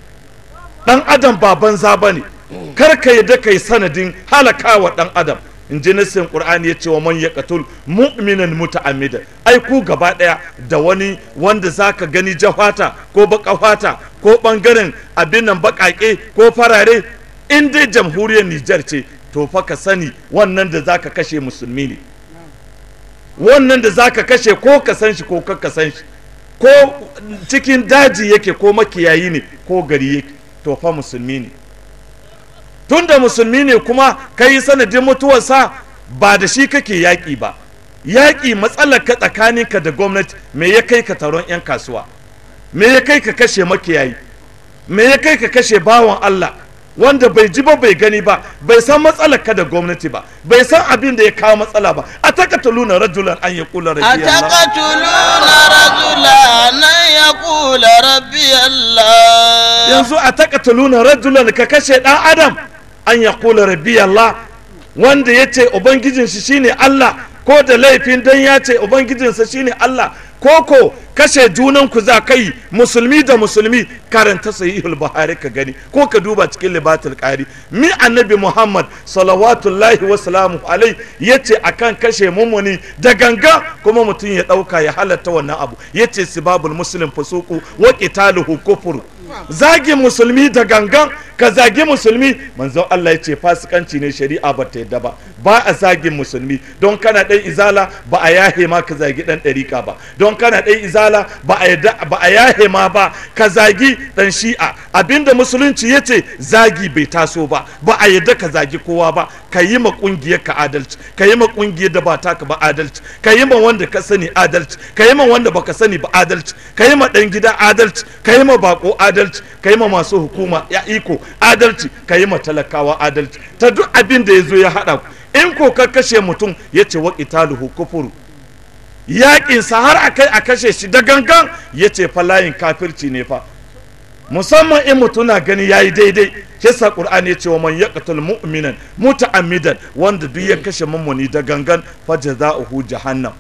ɗan adam ba banza ba ne kar ka yadda ka yi sanadin halakawa ɗan adam in ji nassin ya ce wa man katul mu'minan muta'ammidan ai ku gaba ɗaya da wani wanda za ka gani jafata ko baka fata ko ɓangaren abin nan baƙaƙe ko farare in dai jamhuriyar Nijar ce to fa ka sani wannan da za ka kashe musulmi ne wannan da za ka kashe ko ka san shi ko ka san shi ko cikin daji yake ko makiyayi ne ko gari yake to fa musulmi ne tunda musulmi ne kuma ka yi sanadin mutuwarsa ba da shi kake yaƙi ba yaƙi matsalar ka tsakanin ka da gwamnati me ya kai ka taron 'yan kasuwa me ya kai ka kashe makiyayi me ya kai ka kashe bawan Allah wanda bai ji ba bai gani ba bai san matsalar ka da gwamnati ba bai san abin da ya kawo matsala ba a luna rajulan an kula rabbi Allah a rajulan an kula rabbi Allah yanzu a luna rajulan ka kashe dan adam an ya kula rabbi Allah wanda ya ce ubangijinsa shine Allah ko da laifin dan ya ce ubangijinsa shine Allah ko ko kashe junan ku za kai musulmi da musulmi karanta sahihul buhari ka gani ko ka duba cikin libatul qari mi annabi muhammad salawatullahi wa salamu alai yace akan kashe mumuni da ganga kuma mutum ya dauka ya halatta wannan abu yace sibabul muslim fusuku wa qitaluhu kufru zagi musulmi da gangan ka zagi musulmi manzon Allah ya ce fasikanci ne shari'a ba ta yadda ba ba a zagin musulmi don kana ɗan izala ba a yahe ma ka zagi ɗan ɗarika ba don kana ɗan izala ba a yahe ma ba ka zagi ɗan shi'a abinda musulunci ya ce zagi bai taso ba ba a yadda ka zagi kowa ba ka yi ma ƙungiyar ka adalci ka yi ma ƙungiyar da ba ta ka ba adalci ka yi ma wanda ka sani adalci ka yi ma wanda baka sani ba adalci ka yi ma ɗan gida adalci ka yi ma bako adalci adalci ka yi ma masu hukuma ya iko adalci ka yi ma talakawa adalci ta duk abin da ya zo ya haɗa ku in ko ka kashe mutum ya ce wa italuhu kufuru yaƙinsa har a kai a kashe shi da gangan ya ce fa layin kafirci ne fa musamman in mutum na gani ya yi daidai kisa ƙur'ani ya ce wa man yaqtul mu'minan muta'ammidan wanda duk ya kashe mummuni da gangan fa jaza'uhu jahannam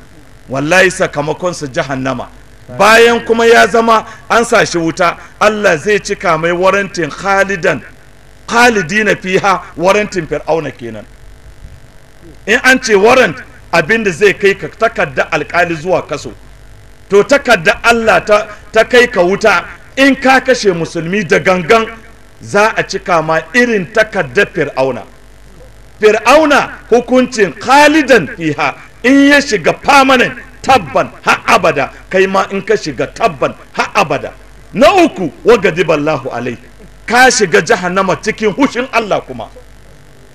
wallahi sakamakonsa jahannama bayan kuma ya zama an shi wuta Allah zai cika mai warantin khalidan khalidina fiha warantin fir'auna kenan in an ce warant abinda zai kai ka takarda alkali zuwa kaso to takarda Allah ta, kai ka wuta in ka kashe musulmi da gangan za a cika ma irin takarda fir'auna fir'auna hukuncin khalidan fiha in ya shiga famanin tabban ha abada kai ma in ka shiga tabban ha abada na uku ballahu alai ka shiga jahannama cikin hushin Allah kuma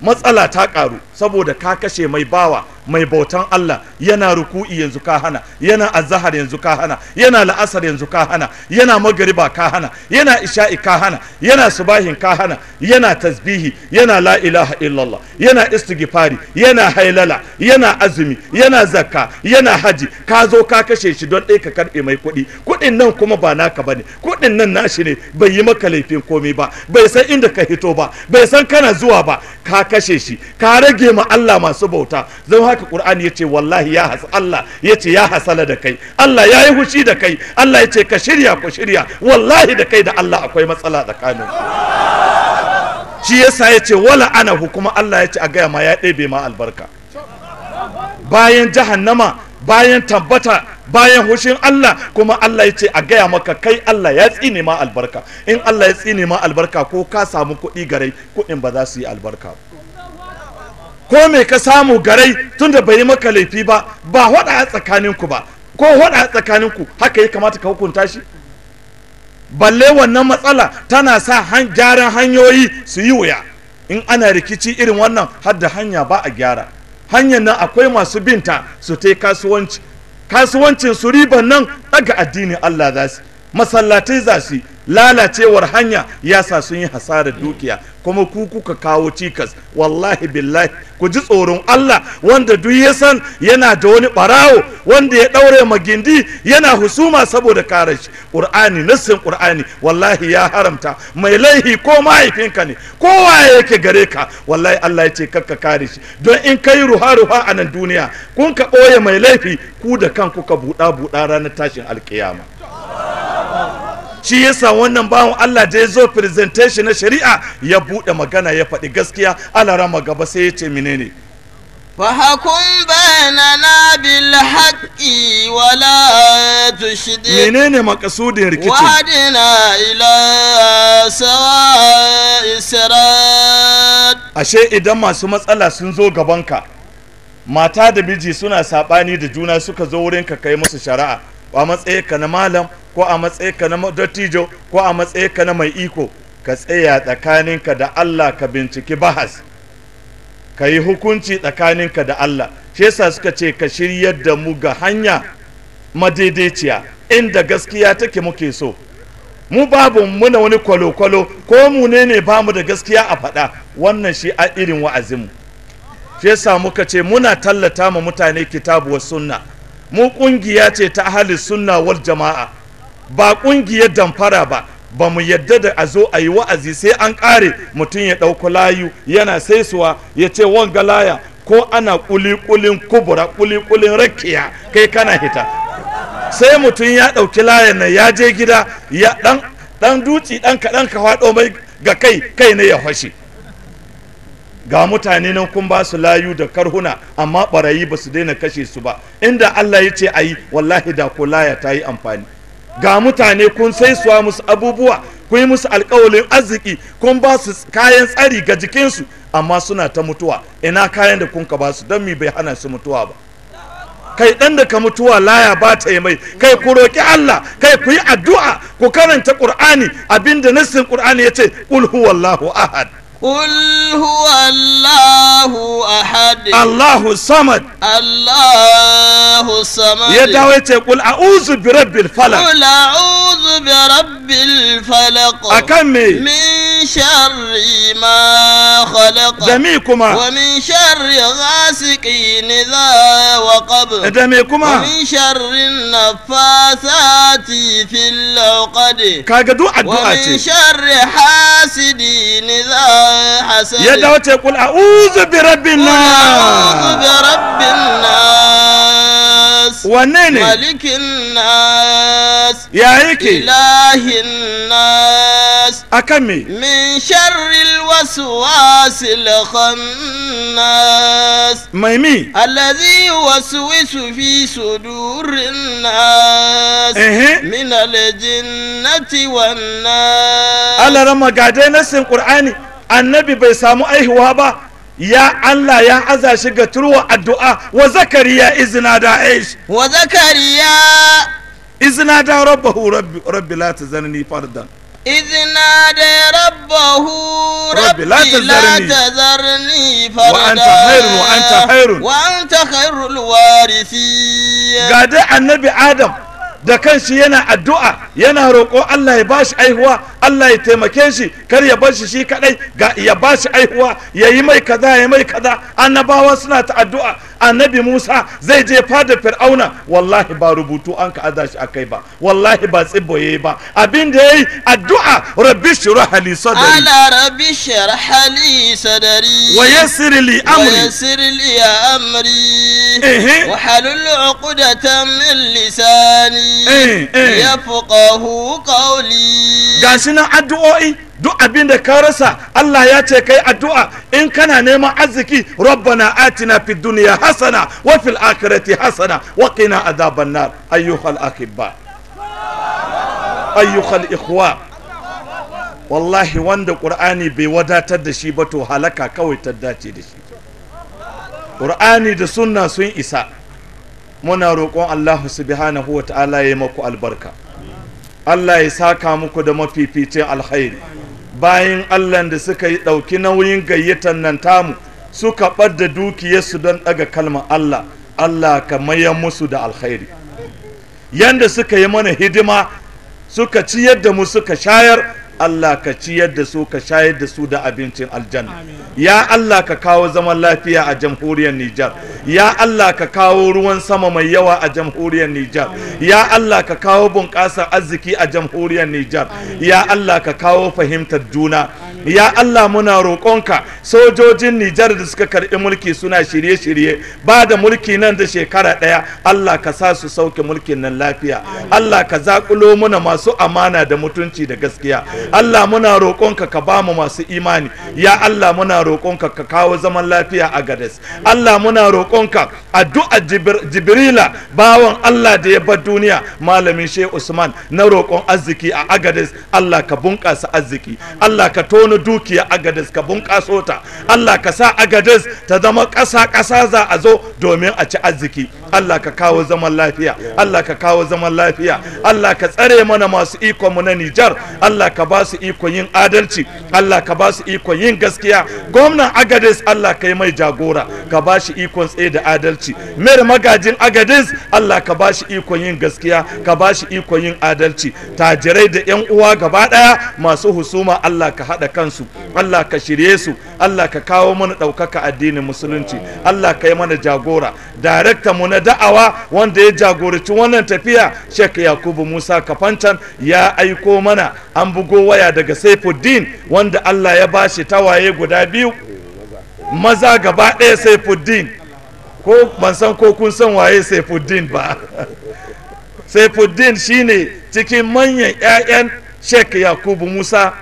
matsala ta karu saboda ka kashe mai bawa mai bautan Allah yana ruku'i yanzu ka hana yana azahar yanzu ka hana yana la'asar yanzu ka hana yana magariba ka hana yana isha'i ka hana yana subahin ka hana yana tasbihi yana la ilaha illallah yana istighfari yana hailala yana azumi yana zakka yana haji ka zo ka kashe shi don ɗaya ka karɓi mai kuɗi kuɗin nan kuma ba naka bane kuɗin nan nashi ne bai yi maka laifin komai ba bai san inda ka hito ba bai san kana zuwa ba ka kashe shi ka rage ma Allah masu bauta zan haka haka ya ce wallahi ya hasa Allah ya ce ya hasala da kai Allah ya yi hushi da kai Allah ya ce ka shirya ku shirya wallahi da kai da Allah akwai matsala tsakanin shi yasa yace wala ana hukuma Allah yace a gaya ma ya ɗebe ma albarka bayan jahannama bayan tabbata bayan hushin Allah kuma Allah ya ce a gaya maka kai Allah ya tsine ma albarka in Allah ya tsine ma albarka ko ka samu kuɗi garai kuɗin ba za su yi albarka ba ko me ka samu garai tunda bai yi maka laifi ba ba tsakanin tsakaninku ba ko tsakanin tsakaninku haka ya kamata ka hukunta shi balle wannan matsala tana sa gyaran hanyoyi su yi wuya in ana rikici irin wannan hadda hanya ba a gyara hanyar nan akwai masu binta su ta kasuwanci kasuwancin su riban nan daga addinin Allah za su masallatai za su lalacewar hanya ya sa sun yi hasarar dukiya kuma ku kuka kawo cikas wallahi billahi ku ji tsoron Allah wanda duk ya san yana da wani barawo wanda ya daure magindi yana husuma saboda kare shi qur'ani nassin qur'ani wallahi ya haramta mai laihi ko mahaifinka ne kowa yake gare ka wallahi Allah ya ce kakka kare shi don in kai ruha ruha a nan duniya kun ka ɓoye mai laifi ku da kanku ka buɗa buɗa ranar tashin alkiyama shi yasa wannan bawan Allah da ya zo presentation na shari'a ya buɗe magana ya faɗi gaskiya Allah rama gaba sai ya ce menene فحكم بيننا بالحق ولا تشدد منين مقصود ركتي وهدنا إلى سواء الصراط ashe idan masu matsala sun zo gabanka mata da miji suna saɓani da juna suka zo wurin ka kai musu shari'a a matsayinka na malam ko a matsayinka na dattijo ko a matsayinka na mai iko ka tsaya tsakaninka da Allah ka binciki bahas ka yi hukunci tsakaninka da Allah shi yasa suka ce ka shiryar da mu ga hanya madaidaiciya inda gaskiya take muke so mu babu muna wani kwalo-kwalo ko mu ne ne bamu da gaskiya a faɗa wannan shi a irin wa'azinmu shi yasa muka ce muna tallata ma mutane kitabu sunna mu ƙungiya ce ta ahalin sunna wal jama'a ba ƙungiyar damfara ba ba mu yadda da a zo a yi wa'azi sai an ƙare mutum ya ɗauko layu yana saisuwa ya ce wanga laya ko ana ƙuliƙulin kubura ƙuliƙulin rakiya kai kana hita sai mutum ya ɗauki layan na ya je gida ya ɗan ɗan duci ɗan kaɗan ka faɗo mai ga kai kai ne ya fashe ga mutane nan kun ba su layu da karhuna amma ɓarayi ba su daina kashe su ba inda Allah ya ce a yi wallahi da ko laya ta yi amfani ga mutane kun sai suwa musu abubuwa kun yi musu alkawalin arziki kun ba su kayan tsari ga jikinsu amma suna ta mutuwa ina kayan da kun ka ba su don mi bai hana su mutuwa ba kai dan da ka mutuwa laya ba ta yi mai kai ku roki Allah kai ku yi addu'a ku karanta Qur'ani abinda nassin ya ce, qul huwallahu ahad قل هو الله أحد الله الصمد الله الصمد يا داويت قل أعوذ برب الفلق قل أعوذ برب الفلق أكمي من شر ما خلق دميكما ومن شر غاسق إذا وقب دميكما ومن شر النفاثات في العقد كاقدو الدعاء ومن شر حاسد إذا hasad ya dawo ce kul a'udhu bi rabbin nas wanne ne malikin nas ya yake ilahin nas akan min sharril waswasil khannas mai mi alladhi sudurin nas min aljinnati wan nas Allah rama gadai annabi bai samu aihuwa ba ya Allah ya aza shi ga turwa addu'a wa zakariya izina da aish wa zakariya izna da rabbahu rabbi la ta zarni fardan Izina da rabbahu rabbi la ta zarni fardan wa anta khairu wa anta khairu wa anta khairul warithin gada annabi adam da kanshi yana addu'a yana roƙo Allah ya bashi aihuwa Allah ya taimake shi kar ya bar shi shi kadai ga ya bashi aihuwa ya yi mai kaza ya mai kaza annabawa suna ta addu'a annabi musa zai je fada fir'auna wallahi ba rubutu an ka aza shi a kai ba wallahi ba tsibboye ba abin da ya yi addu'a rabbi shirah hali sadari ala rabbi shirah hali sadari wa yassir li amri wa yassir li amri wa halul uqdatan min lisani eh, eh. yafqahu qawli gashi nan addu'o'i duk abin da ka rasa Allah ya ce kai addu'a in kana neman arziki rabbana atina fid dunya hasana wa fil akhirati hasana wa qina adhaban nar ayyuhal akibba ayyuhal ikhwa wallahi wanda qur'ani bai wadatar da shi ba to halaka kawai ta dace da shi qur'ani da sunna sun isa muna roƙon Allah subhanahu wa ta'ala ya maku albarka Allah ya saka muku da mafificin alkhairi bayan allah da suka yi ɗauki nauyin gayyatan nan tamu suka ɓadda dukiyarsu don ɗaga kalmar allah allah ka mayan musu da alkhairi yanda suka yi mana hidima suka ci yadda mu suka shayar Allah ka ciyar da su ka shayar da su da abincin aljanna ya Allah ka kawo zaman lafiya a jamhuriyar Nijar ya Allah ka kawo ruwan sama mai yawa a jamhuriyar Nijar ya Allah ka kawo bunƙasar arziki a jamhuriyar Nijar ya Allah ka kawo fahimtar juna ya Allah muna roƙonka sojojin Nijar da suka karɓi mulki suna shirye-shirye ba da mulki nan da shekara ɗaya Allah ka sa su sauke mulkin nan lafiya Allah ka zaƙulo muna masu amana da mutunci da gaskiya Allah muna roƙonka ka ba mu masu imani ya Allah muna roƙonka ka kawo zaman lafiya a Gades Allah muna roƙonka addu'a Jibrila bawan Allah da ya bar duniya malamin Shehu Usman na roƙon arziki a Agades Allah ka bunƙasa arziki Allah ka tona wani dukiya agadis ka bunƙaso ta Allah ka sa agadis ta zama ƙasa ƙasa za a zo domin a ci arziki Allah ka kawo zaman lafiya Allah ka kawo zaman lafiya Allah ka tsare mana masu iko mu na Nijar Allah ka ba su ikon yin adalci Allah ka ba su ikon yin gaskiya gwamnan agadis Allah ka yi mai jagora ka ba shi ikon tsaye da adalci mayar magajin agadis Allah ka ba shi ikon yin gaskiya ka ba shi ikon yin adalci tajirai da yan uwa gaba ɗaya masu husuma Allah ka haɗa kansu Allah ka shirye su Allah ka kawo mana ɗaukaka addinin musulunci Allah ka yi mana jagora darakta mu na da'awa wanda ya jagoraci wannan tafiya Sheikh Yakubu Musa Kafantan ya aiko mana an bugo waya daga Saifuddin wanda Allah ya bashi tawaye guda biyu maza gaba ɗaya Saifuddin ko ban san ko kun san waye Saifuddin ba Saifuddin shine cikin manyan 'ya'yan Sheikh Yakubu Musa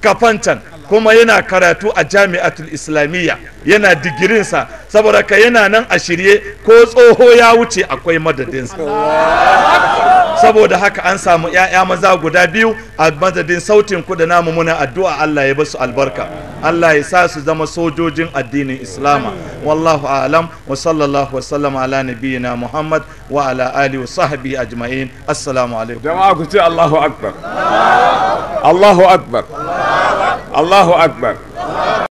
kafancan kuma yana karatu a jami'atul islamiyya yana digirinsa saboda ka yana nan a shirye ko tsoho ya wuce akwai madadinsa saboda haka an samu 'ya'ya maza guda biyu a madadin sautin kuɗi namu muna addu'a Allah ya basu albarka Allah ya sa su zama sojojin addinin islama wallahu alam wa sallallahu wa sallama ala nabiyina muhammad wa ala ali wa sahbihi ajma'in assalamu alaikum jama'a ku ce Allahu akbar Allahu akbar Allahu akbar